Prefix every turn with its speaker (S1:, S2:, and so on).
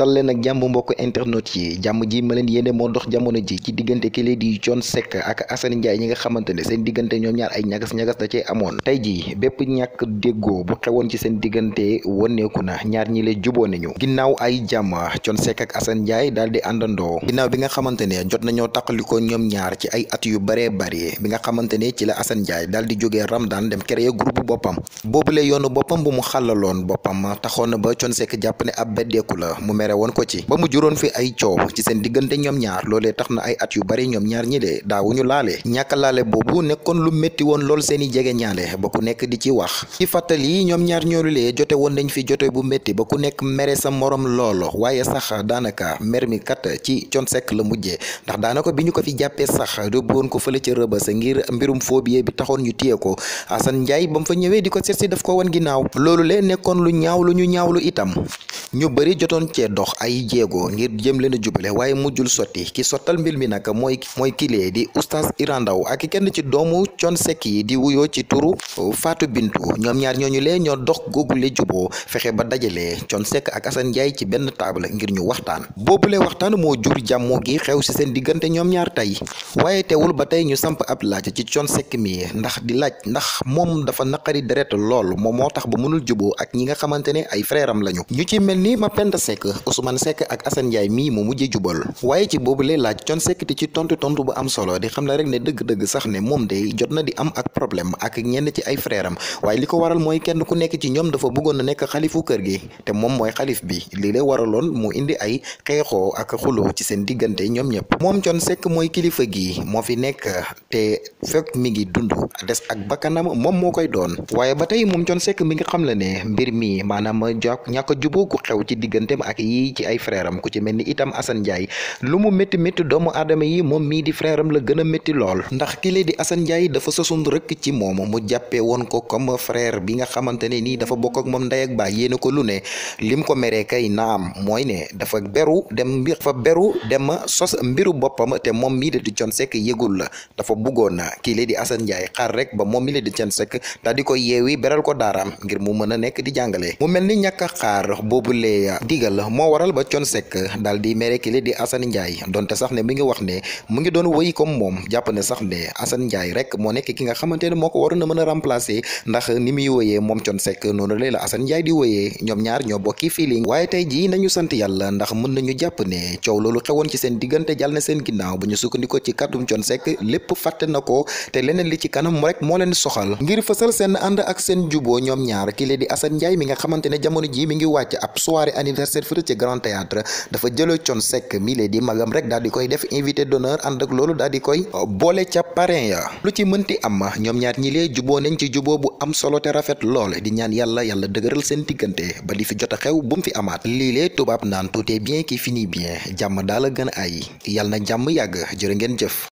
S1: tal leen ak jàmm mbokk internet yi jàmm ji ma leen yéene moo dox jamono ji ci diggante kile di Thione Seck ak Assane ñi nga xamante ne seen diggante ñoom ñaar ay ñagas-ñagas da cee amoon tey ji bépp ñàkk déggoo bu xewoon ci seen diggante woneeku na ñaar ñi le juboo nañu ginnaaw ay jàmm Thione Seck ak Assane Ndiaye di àndandoo ginnaaw bi nga xamante ne jot nañoo taqalikoo ñoom ñaar ci ay at yu baree bari bi nga xamante ne ci la asanjaay Ndiaye daal di jógee Ramadan dem créer groupe boppam boobule yoonu boppam bu mu xàllaloon boppam taxoon na ba Thione Seck jàpp ne ab beddeeku la mere woon ko ci ba mu juróon fi ay coow ci seen diggante ñoom ñaar loolee tax na ay at yu bari ñoom ñaar ñi de daawuñu laale ñàkk laale boobu nekkoon lu métti woon lool seen i jege ñaale ba ku nekk di ci wax ci fàttali ñoom ñaar ñoo lee jote woon nañ fi jote bu métti ba ku nekk mere sa morom lool waaye sax daanaka mer mi kat ci Thione Seck la mujjee ndax daanaka bi ñu ko fi jàppee sax yóbbu woon ko ko Assane Ndiaye ba mu fa ñëwee di ko seet si daf ko wan ginnaaw loolu lee nekkoon lu ñaaw lu ñu ñaaw itam ñu bëri jotoon cee dox ay jéego ngir jëm leen a jubale waaye mujjul sotti ki sottal mbir mi nag mooy mooy kilee di oustaz Iran Ndao ak kenn ci doomu Thione Seck yi di wuyoo ci turu faatu bintu ñoom ñaar ñooñu lee ñoo dox googule juboo fexe ba dajalee Thione Seck ak Assane Ndiaye ci benn table ngir ñu waxtaan boobu boobule waxtaan moo jur jàmm gi xew ci seen diggante ñoom ñaar tey waaye teewul ba tey ñu samp ab laaj ci Thione Seck mi ndax di laaj ndax moom dafa naqari deret lool moom moo tax ba mënul juboo ak ñi nga xamante ne ay frèram lañu nii ma pend Seck Ousmane Seck ak Assane Ndiaye mii mu mujje jubal waaye ci boobule laaj Thione Seck di ci tontu tontu bu am solo di xam la rek ne dëgg-dëgg sax ne moom day jot na di am ak problème ak ñenn ci ay frère am waaye li ko waral mooy kenn ku nekk ci ñoom dafa bëggoon a nekk xalifu kër gi te moom mooy xalif bi lii la waraloon mu indi ay xeexoo ak xuloo ci seen diggante ñoom ñëpp moom Thione Seck mooy kilifa gi moo fi nekk te fekk mi ngi dund des ak bakkanam moom moo koy doon waaye ba tey moom Thione Seck mi ngi xam la ne mbir mi maanaam jàpp ñàkk jubóo xew ci digganteem ak yi ci ay frère am ku ci mel ni lu mu métti métti doomu aadama yi moom mii di frère la gën a métti lool ndax kile di Assane Ndiaye dafa sosoon rëkk ci moom mu jàppee woon ko comme frère bi nga xamante ne nii dafa bokk ak moom ndey ak baay yéene ko lu ne lim ko meree kay naam mooy ne dafa beru dem mbir dafa beru dem sos mbiru boppam te moom mii di Thione Seck yëgul la dafa buggoon na kile di Assane Ndiaye xaar rek ba moom mii di Thione Seck di ko yeewi beral ko daaraam ngir mu mën a nekk di jàngale mu mel ni ñàkk xaar boobu boobulee digal moo waral ba Thione Seck daal di mere kile di Assane Ndiaye donte sax ne mi ngi wax ne mu ngi doon wëy comme moom jàpp ne moo ko waroon a mën a ndax ni muy wëyee moom Thione noonu lay la Assane Ndiaye di wëyee ñoom ñaar ñoo bokki feeling waaye tey jii nañu sant yàlla ndax mën nañu jàpp ne coow loolu xewoon ci seen diggante jàll na seen ginnaaw bu ñu sukkandikoo ci kàddum Thione lépp fàtte na ko te leneen li ci kanam rek moo leen soxal soirée anniversaire fële ci grand théâtre dafa jële con sec mile di magam rek daal koy def invité d'honneur ànd ak loolu daal koy euh, boole ca parrain ya lu ci mënti am ñoom ñaar ñi juboo nañ ci juboo bu am solo te rafet lool di ñaan yàlla yàlla dëgëral seen diggante ba li fi jot a xew bu mu fi amaat lii tubaab naan tout est bien qui finit bien jàmm daal a gën ay yàlla na jàmm yàgg jërë ngeen jëf